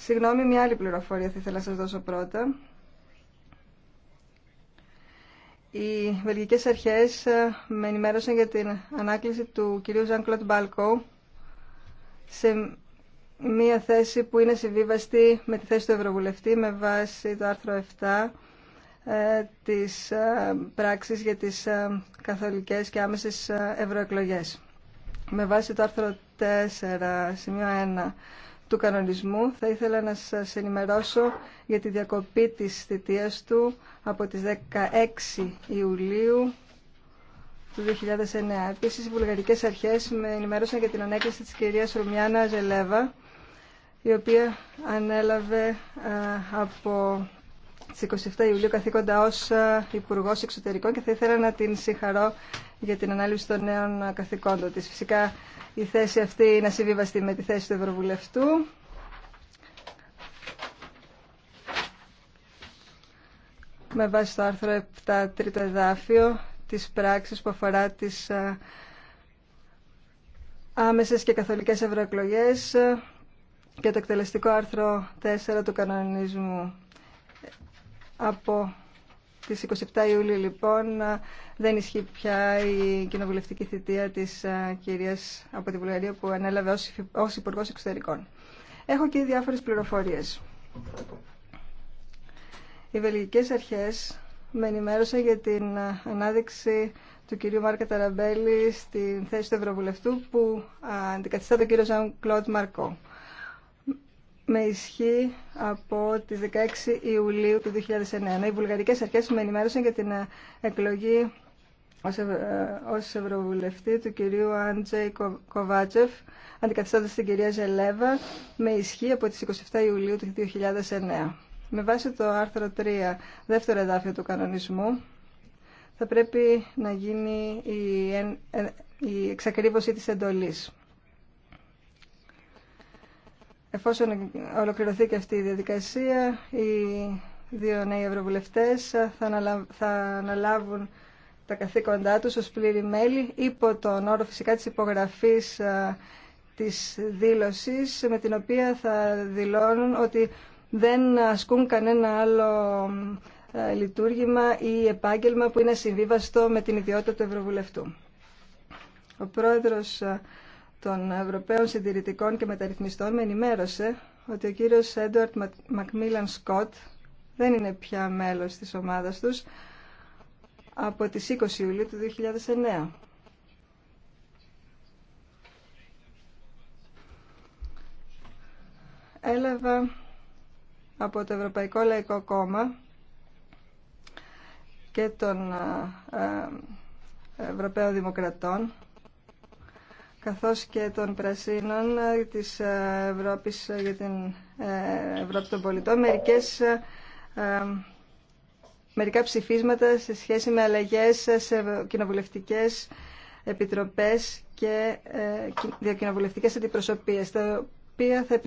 Συγγνώμη, μια άλλη πληροφορία θα ήθελα να σας δώσω πρώτα. Οι βελγικές αρχές ε, με ενημέρωσαν για την ανάκληση του κυρίου Ζαν Κλοντ Μπάλκο σε μια θέση που είναι συμβίβαστη με τη θέση του Ευρωβουλευτή με βάση το άρθρο 7 ε, της ε, πράξης για τις καθολικές και άμεσες ευρωεκλογές. Με βάση το άρθρο 4, σημείο 1 του κανονισμού θα ήθελα να σας ενημερώσω για τη διακοπή της θητείας του από τις 16 Ιουλίου του 2009. Επίσης, οι βουλγαρικές αρχές με ενημέρωσαν για την ανέκριση της κυρίας Ρουμιάνα Ζελέβα, η οποία ανέλαβε ε, από στις 27 Ιουλίου καθήκοντα ως ε, Υπουργό Εξωτερικών και θα ήθελα να την συγχαρώ για την ανάλυση των νέων ε, καθηκόντων της. Φυσικά η θέση αυτή είναι ασυμβίβαστη με τη θέση του Ευρωβουλευτού. Με βάση το άρθρο 7 τρίτο εδάφιο της πράξης που αφορά τις ε, άμεσες και καθολικές ευρωεκλογές και το εκτελεστικό άρθρο 4 του κανονισμού από τις 27 Ιουλίου λοιπόν δεν ισχύει πια η κοινοβουλευτική θητεία της ε, κυρίας από τη Βουλγαρία που ανέλαβε ως υπουργό Εξωτερικών. Έχω και διάφορες πληροφορίες. Οι βελγικές αρχές με ενημέρωσαν για την ε, ανάδειξη του κυρίου Μάρκα Ταραμπέλη στην θέση του Ευρωβουλευτού που ε, αντικαθιστά τον κύριο Ζαν Κλοντ Μαρκό με ισχύ από τις 16 Ιουλίου του 2009. Οι βουλγαρικές αρχέ με ενημέρωσαν για την ε, εκλογή ε, ως Ευρωβουλευτή του κυρίου Άντζεϊ Κοβάτσεφ, αντικαθιστώντας την κυρία Ζελέβα, με ισχύ από τις 27 Ιουλίου του 2009. Με βάση το άρθρο 3, δεύτερο εδάφιο του κανονισμού, θα πρέπει να γίνει η ε, εξακρίβωση της εντολής. Εφόσον ολοκληρωθεί και αυτή η διαδικασία, οι δύο νέοι ευρωβουλευτές θα αναλάβουν τα καθήκοντά τους ως πλήρη μέλη υπό τον όρο φυσικά της υπογραφής ε, της δήλωσης με την οποία θα δηλώνουν ότι δεν ασκούν κανένα άλλο ε, λειτουργήμα ή επάγγελμα που είναι συμβίβαστο με την ιδιότητα του Ευρωβουλευτού. Ο πρόεδρος ε, των Ευρωπαίων Συντηρητικών και Μεταρρυθμιστών με ενημέρωσε ότι ο κύριος Έντουαρτ Μακμίλαν Σκοτ δεν είναι πια μέλος της ομάδας τους από τις 20 Ιουλίου του 2009. Έλαβα από το Ευρωπαϊκό Λαϊκό Κόμμα και των ε, ε, Ευρωπαίων Δημοκρατών καθώς και των Πρασίνων της Ευρώπης για την ε, Ευρώπη των πολιτών ε, μερικά ψηφίσματα σε σχέση με αλλαγές σε κοινοβουλευτικές επιτροπές και ε, διακοινοβουλευτικές αντιπροσωπίες,